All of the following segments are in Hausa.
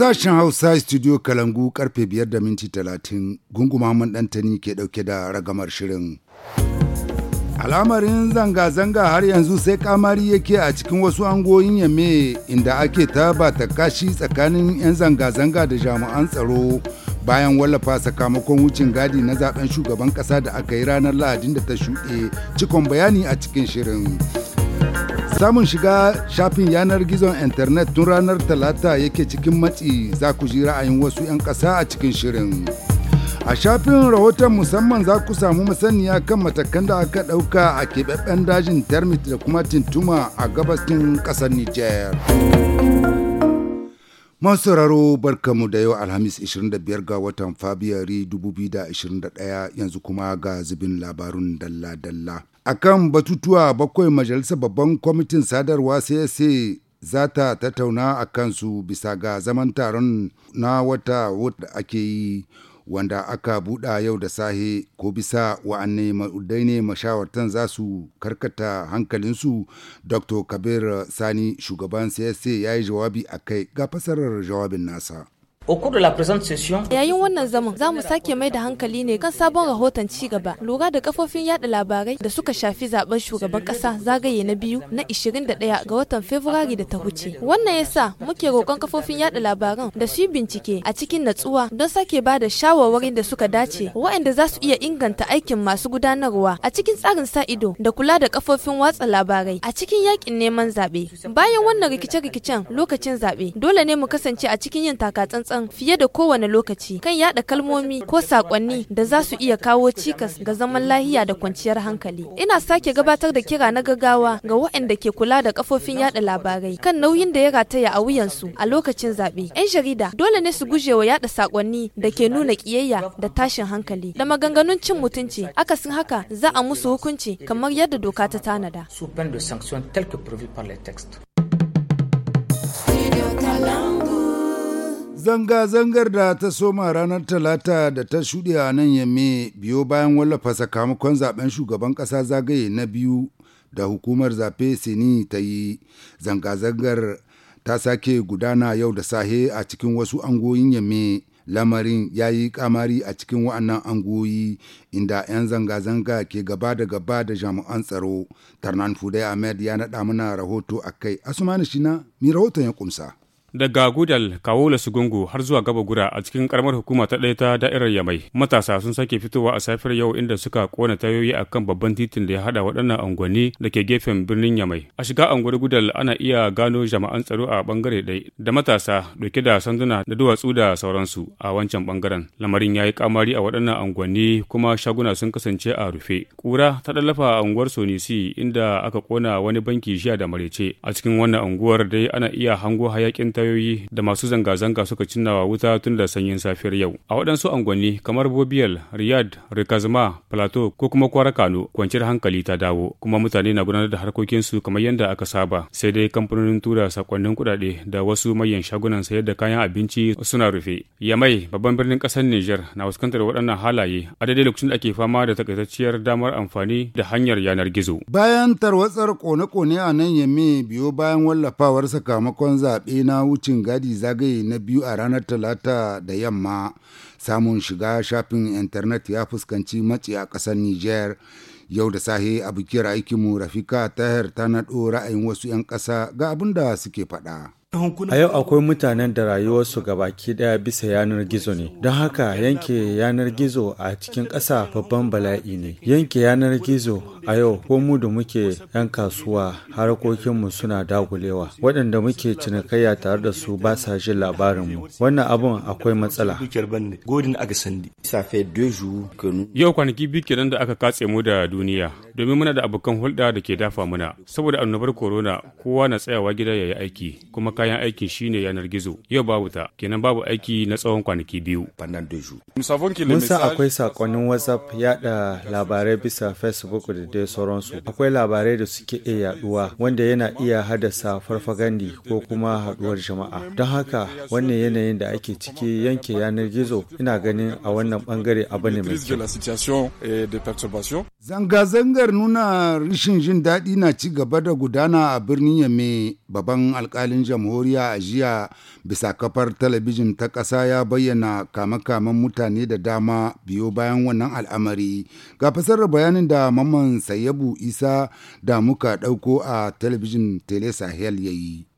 Sashen Hausa Studio Kalangu karfe biyar da minti talatin gunguma mun ke dauke da ragamar shirin. Al'amarin zanga-zanga har yanzu sai kamari yake a cikin wasu angoyin yame inda ake ta ba kashi tsakanin 'yan zanga-zanga da jami'an tsaro bayan wallafa sakamakon wucin gadi na zaben shugaban ƙasa da aka yi ranar lahadin da ta shuɗe cikon bayani a cikin shirin. samun shiga shafin yanar gizon intanet tun ranar talata yake cikin matsi za ku ji ra'ayin wasu 'yan ƙasa a cikin shirin a shafin rahoton musamman za ku samu masaniya kan matakan da aka ɗauka a keɓaɓɓen dajin termit da kuma tintuma a gabashin ƙasar niger masu masauraro barkamu da yau alhamis 25 ga watan fabiyari 2021 yanzu kuma ga zubin labarun dalla-dalla a kan batutuwa bakwai majalisar babban kwamitin sadarwa sai zata tattauna a kansu bisa ga zaman taron na wata wadda ake yi wanda aka buɗa yau da sahe ko bisa wa'anne ma'udai ne mashawartan za su karkata hankalinsu dr kabir sani shugaban csa ya yi jawabi a kai ga fasarar jawabin nasa au cours de la présente session yayin wannan zaman za mu sake mai da hankali ne kan sabon rahoton ci gaba lura da kafofin yada labarai da suka shafi zaben shugaban kasa zagaye na biyu na 21 ga watan Fabrairu da ta huce wannan yasa muke roƙon kafofin yada labaran da su yi bincike a cikin natsuwa don sake ba da shawarwarin da suka dace waɗanda za su iya inganta aikin masu gudanarwa a cikin tsarin sa ido da kula da kafofin watsa labarai a cikin yakin neman zaɓe bayan wannan rikice-rikicen lokacin zaɓe dole ne mu kasance a cikin yin takatsantsan fiye da kowane lokaci kan yada kalmomi ko sakonni da za su iya kawo cikas ga zaman lahiya da kwanciyar hankali. Ina sake gabatar da kira na gaggawa ga waɗanda ke kula da kafofin yada labarai kan nauyin da ya rataya a wuyansu a lokacin zaɓe. 'Yan jarida dole ne su guje wa yada sakonni da ke nuna ƙiyayya da tashin hankali da maganganun cin mutunci. Akasin haka za a musu hukunci kamar yadda doka ta tanada. Zanga-zangar da ta soma ranar Talata da ta shuɗe a nan yamme biyo bayan wallafa sakamakon zaben shugaban ƙasa zagaye na biyu da hukumar zafe Sini ta yi zanga-zangar ta sake gudana yau da sahe a cikin wasu angoyin yamme. lamarin ya yi kamari a cikin wa'annan angoyi inda 'yan zanga-zanga ke gaba da gaba da jami'an tsaro tarnan fudai ahmed ya naɗa mana rahoto a kai asumani shina mi rahoton ya kumsa daga gudal kawo sugungu har zuwa gaba gura a cikin karamar hukuma ta ɗaya ta da'irar yamai matasa sun sake fitowa a safiyar yau inda suka kona tayoyi a kan babban titin da ya hada waɗannan angwani da ke gefen birnin yamai a shiga unguwar gudal ana iya gano jama'an tsaro a bangare ɗai da matasa dauke da sanduna da duwatsu da sauransu a wancan bangaren lamarin ya yi kamari a waɗannan unguwanni, kuma shaguna sun kasance a rufe kura ta ɗallafa unguwar sonisi inda aka kona wani banki jiya da marece a cikin wannan unguwar dai ana iya hango hayakin tayoyi da masu zanga-zanga suka cinnawa wuta tun da sanyin safiyar yau. A waɗansu angwanni kamar Bobiel, Riyadh, Rikazma, Plateau ko kuma Kwara Kano kwanciyar hankali ta dawo kuma mutane na gudanar da harkokinsu kamar yadda aka saba. Sai dai kamfanonin tura sakonnin kuɗaɗe da wasu manyan shagunan sayar da kayan abinci suna rufe. Yamai babban birnin ƙasar Niger na fuskantar waɗannan halaye a daidai lokacin da ake fama da takaitacciyar damar amfani da hanyar yanar gizo. Bayan tarwatsar kone-kone a nan Yame biyo bayan wallafawar sakamakon zaɓe na wucin gadi zagaye na biyu a ranar talata da yamma samun shiga shafin intanet ya fuskanci matsi a ƙasar niger yau da sahe a bikiyar aikinmu rafika tahir ta naɗo ra'ayin wasu 'yan ƙasa ga abin da suke faɗa. A yau akwai mutanen da rayuwarsu baki daya bisa yanar gizo ne, don haka yanke yanar gizo a cikin ƙasa babban bala'i ne. Yanke yanar gizo a yau ko mu da muke 'yan kasuwa harkokinmu suna dagulewa, waɗanda muke cinikayya tare da su ba sa jin labarinmu. Wannan abun akwai matsala. Yau kwanaki biyu kenan da aka katse mu da duniya. domin muna da abokan hulɗa da ke dafa muna saboda annobar corona kowa na tsayawa gida ya yi aiki kuma kayan aikin shine yanar gizo yau babu ta kenan babu aiki na tsawon kwanaki biyu mun san akwai sakonnin whatsapp yada labarai bisa facebook da dai sauransu akwai labarai da suke iya yaduwa wanda yana iya haddasa farfagandi ko kuma haduwar jama'a don haka wannan yanayin da ake ciki yanke yanar gizo ina ganin a wannan bangare abu ne mai kyau zanga-zangar zanga nuna rashin jin daɗi na ci gaba da gudana a birnin yamme baban alkalin jamhuriya a jiya bisa kafar talabijin ta ƙasa ya bayyana kama-kaman mutane da dama biyo bayan wannan al'amari ga fasarar bayanin da mamman Sayabu isa da muka ɗauko a talabijin tele sahel ya yi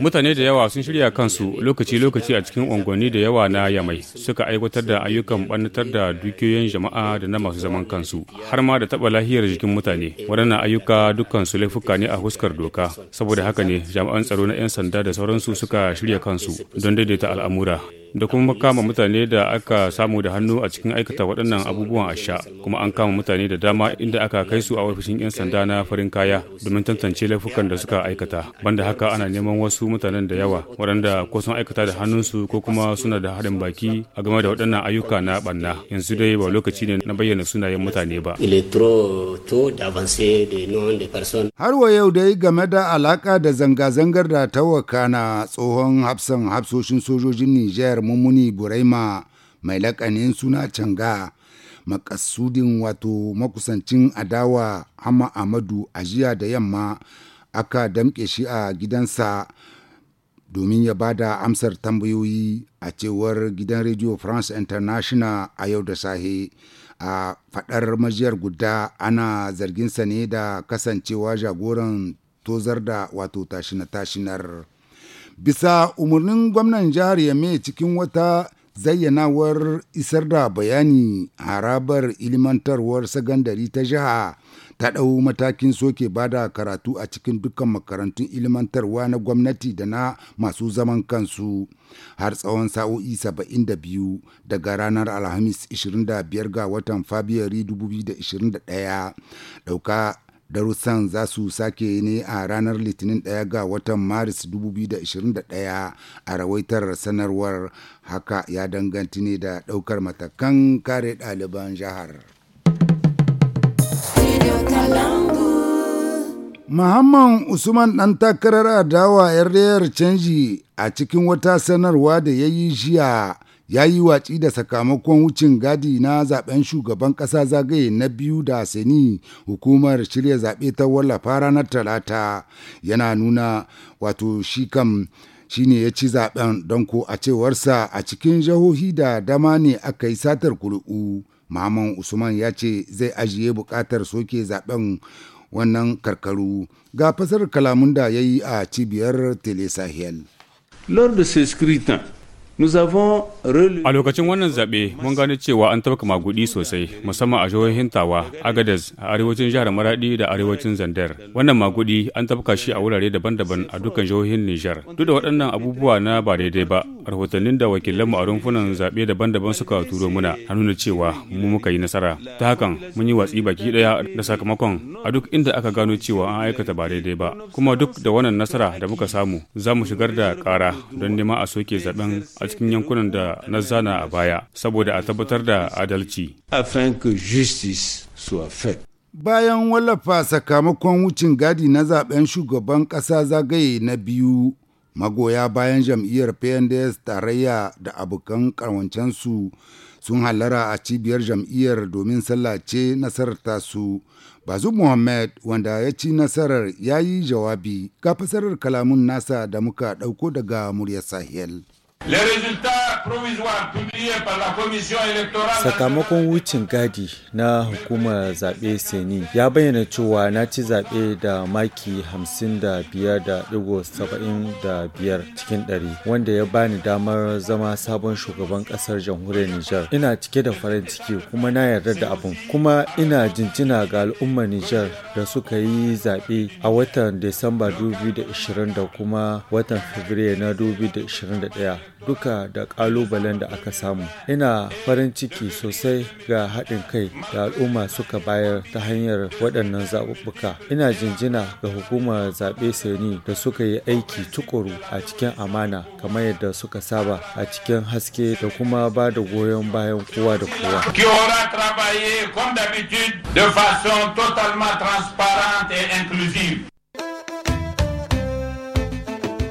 Mutane da yawa sun shirya kansu lokaci-lokaci a cikin unguwanni da yawa na Yamai suka aiwatar da ayyukan ɓannatar da dukiyoyin jama'a da na masu zaman kansu har ma da taɓa lahiyar jikin mutane. Waɗannan ayyuka dukkan su laifuka ne a huskar doka saboda haka ne jami'an tsaro na 'yan sanda da sauransu suka shirya kansu don daidaita al'amura. da kuma kama mutane da aka samu da hannu a cikin aikata waɗannan abubuwan a kuma an kama mutane da dama inda aka kai su a ofishin 'yan sanda na farin kaya domin tantance laifukan da suka aikata banda haka ana neman wasu mutanen da yawa waɗanda ko sun aikata da hannunsu ko kuma suna da haɗin baki a game da waɗannan ayyuka na ɓanna yanzu dai ba lokaci ne na bayyana sunayen mutane ba. Har wa yau dai game da alaka da zanga-zangar da ta wakana tsohon hafsan hafsoshin sojojin Nijar wakiltar mummuni buraima mai lakanin suna canga makasudin wato makusancin adawa hama amadu a jiya da yamma aka damƙe shi a gidansa domin ya bada amsar tambayoyi a cewar gidan radio france international a yau da sahe a fadar majiyar guda ana zarginsa ne da kasancewa jagoran tozar da wato tashina-tashinar bisa umarnin gwamnan jihar yame cikin wata zayyanawar isar da bayani harabar ilimantarwar sagandari ta jiha ta ɗau matakin soke ba da karatu a cikin dukkan makarantun ilimantarwa na gwamnati da na masu zaman kansu har tsawon sa'o'i 72 daga ranar alhamis 25 ga watan fabiyari 2021 ɗauka darussan za su sake ne a ranar litinin ɗaya ga watan maris 2021 a rawaitar sanarwar haka ya danganci ne da ɗaukar matakan kare ɗaliban jihar Muhammad Usman ɗan takarar adawa 'yar canji a cikin wata sanarwa da ya yi jiya ya yi watsi da sakamakon wucin gadi na zaben shugaban kasa zagaye na biyu da sani hukumar shirya zaɓe ta wallafa ranar talata yana nuna wato shi kam shi ne ya ci zaben don ko a cewarsa a cikin jihohi da dama ne aka yi satar kuri'u maman usman ya ce zai ajiye buƙatar soke zaben wannan karkaru ga fasar kalamun da ya yi a cibiyar telesahel lord de A lokacin wannan zaɓe mun gane cewa an tafka magudi sosai musamman a jihohin Tawa, Agadez a arewacin jihar Maradi da arewacin Zandar. Wannan magudi an tafka shi a wurare daban-daban a dukkan jihohin Nijar. Duk da waɗannan abubuwa na ba daidai ba, rahotannin da wakilanmu a rumfunan zaɓe daban-daban suka turo muna a nuna cewa mu muka yi nasara. Ta hakan mun yi watsi baki ɗaya da sakamakon a duk inda aka gano cewa an aikata ba daidai ba. Kuma duk da wannan nasara da muka samu, za mu shigar da ƙara don neman a soke zaɓen a a cikin yankunan da na zana a baya saboda a tabbatar da adalci. Bayan wallafa sakamakon wucin gadi na zaben shugaban ƙasa zagaye na biyu, magoya bayan jam'iyyar PNDS tarayya da abokan karwancensu sun hallara a cibiyar jam'iyyar domin sallace nasarar tasu. Bazu Muhammad wanda ya ci nasarar ya yi jawabi ga fasarar kalamun nasa da muka ɗauko daga muryar Sahel. Sakamakon wucin gadi na hukumar zaɓe Seni ya bayyana cewa na ci zaɓe da maki 55.75 cikin 100 wanda ya bani damar zama sabon shugaban ƙasar jamhuriyar Nijar. Ina cike da farin ciki kuma na yarda da abin. Kuma ina jinjina ga al'ummar Nijar da suka yi zaɓe a watan Disamba 2020 da kuma watan Fabrairu na 2021. duka da ƙalubalen da aka samu. Ina farin ciki sosai ga haɗin kai da al'umma suka bayar ta hanyar waɗannan zaɓuɓɓuka. Ina jinjina ga hukumar zaɓe sani da suka yi aiki tukuru a cikin amana kamar yadda suka saba a cikin haske da kuma ba da goyon bayan kowa da kowa. inclusive.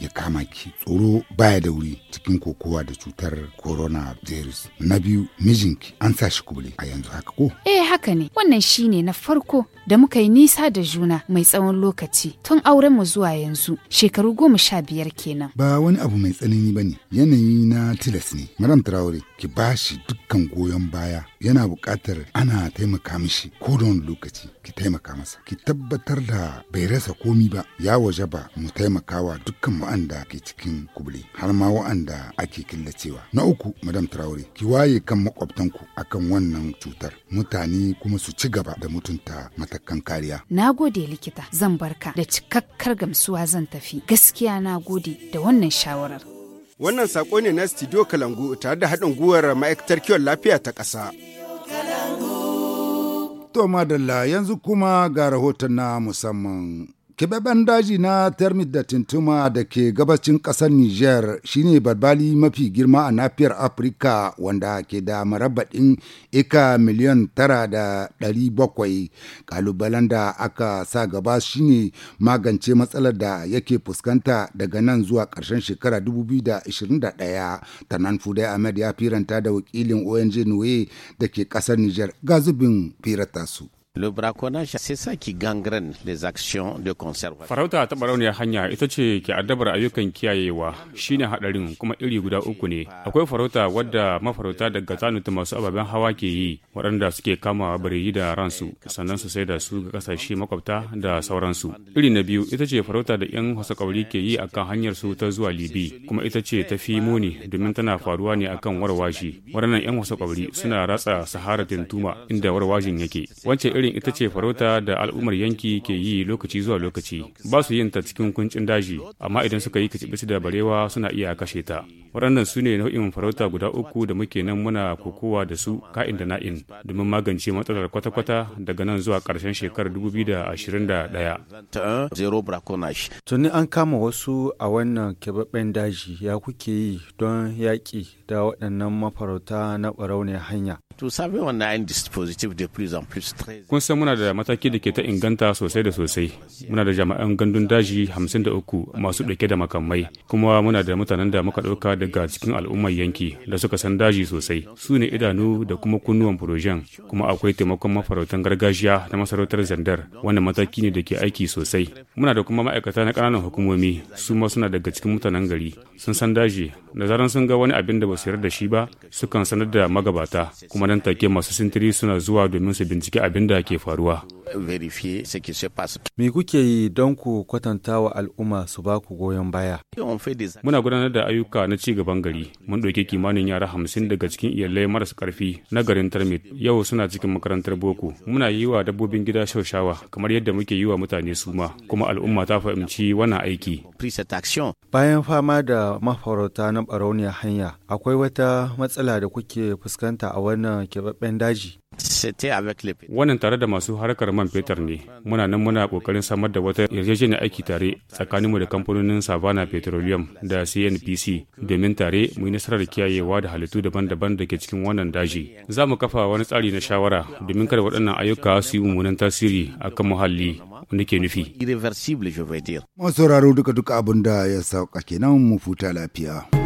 ya kama ki tsoro baya da wuri cikin kokowa da cutar coronavirus na biyu mijinki an sa shi kubule a yanzu haka ko eh haka ne wannan shine na farko da muka yi nisa da juna mai tsawon lokaci tun aurenmu zuwa yanzu shekaru goma sha biyar kenan ba wani abu mai tsanani ba ne yanayi na tilas ne madam traore ki ba shi dukkan goyon baya yana buƙatar ana taimaka mishi ko da wani lokaci ki taimaka masa ki tabbatar da bai rasa komi ba ya waje ba mu taimakawa dukkan wa'anda ke cikin kubule har ma wa'anda ake killacewa na uku madam traore ki waye kan makwabtanku akan wannan cutar mutane kuma su ci gaba da mutunta matakan kariya na gode likita zan barka da cikakkar gamsuwa zan tafi gaskiya na gode da wannan shawarar wannan sako ne na studio kalangu tare da haɗin gwiwar ma'aikatar kiwon lafiya ta ƙasa To madalla yanzu kuma ga rahoton na musamman. kebeben daji na termit da tintuma da ke gabacin ƙasar niger shine balbali mafi girma a nafiyar afirka wanda ke da marabaɗin eka miliyan tara da ɗari bakwai ƙalubalen da aka sa gaba shine magance matsalar da yake fuskanta daga nan zuwa ƙarshen shekara 2021 nan fudai ahmed ya firanta da wakilin ong nuwe da ke ƙasar niger ga zubin firata su Le braconnage, c'est ça qui gangrène les actions de conservation. Farauta ta barauniya hanya ita ce ke addabar ayyukan kiyayewa shine hadarin kuma iri guda uku ne. Akwai farauta wadda mafarauta daga ta masu ababen hawa ke yi waɗanda suke kama bareyi da ransu sannan su sai da su ga kasashe makwabta da sauransu. Iri na biyu ita ce farauta da 'yan hasakauri ke yi akan hanyar su ta zuwa Libi kuma ita ce ta fi muni domin tana faruwa ne akan warwashi. Waɗannan 'yan hasakauri suna ratsa Sahara tuntuma inda warwashin yake. Wancan irin ita ce farauta da al'ummar yanki ke yi lokaci zuwa lokaci ba su yin ta cikin kuncin daji amma idan suka yi kicibici da barewa suna iya kashe ta waɗannan su ne nau'in farauta guda uku da muke nan muna kokowa da su ka'in da na'in domin magance matsalar kwata-kwata daga nan zuwa ƙarshen shekarar 2021 tuni an kama wasu a wannan keɓaɓɓen daji ya kuke yi don yaƙi da waɗannan mafarauta na ɓarauniyar hanya Kun san muna da mataki da ke ta inganta sosai da sosai. Muna da jama'an gandun daji uku masu ɗauke da makamai, kuma muna da mutanen da muka ɗauka daga cikin al'ummar yanki da suka san daji sosai. Su ne idanu da kuma kunnuwan furojen, kuma akwai taimakon mafarautan gargajiya na masarautar Zandar, wannan mataki ne da ke aiki sosai. Muna da kuma ma'aikata na ƙananan hukumomi, su ma suna daga cikin mutanen gari. Sun san daji, da zaran sun ga wani abin da ba su yarda da shi ba, sukan sanar da magabata, kuma kuma masu sintiri suna zuwa domin su bincike abin da ke faruwa vérifier ce qui se passe. Me kuke yi don ku kwatanta wa al'umma su ba ku goyon baya? Muna gudanar da ayyuka na ci gaban gari. Mun ɗauki kimanin yara hamsin daga cikin iyalai marasa ƙarfi na garin Tarmit. Yau suna cikin makarantar boko. Muna yi wa dabbobin gida shaushawa kamar yadda muke yi wa mutane suma. Kuma al'umma ta fahimci wannan aiki. Bayan fama da mafarauta na barauniyar hanya, akwai wata matsala da kuke fuskanta a wannan keɓaɓɓen daji? Wannan tare da masu harkar man fetur ne, muna nan muna kokarin samar da wata yarjejeniyar aiki tare tsakaninmu da kamfanonin Savannah Petroleum da CNPC domin tare mu yi nasarar kiyayewa da halittu daban-daban da ke cikin wannan daji. Za mu kafa wani tsari na shawara domin kada waɗannan ayyuka su yi mummunan tasiri a kan muhalli wanda ke nufi. Masu sauraro duka-duka abin da ya sauka kenan mu futa lafiya.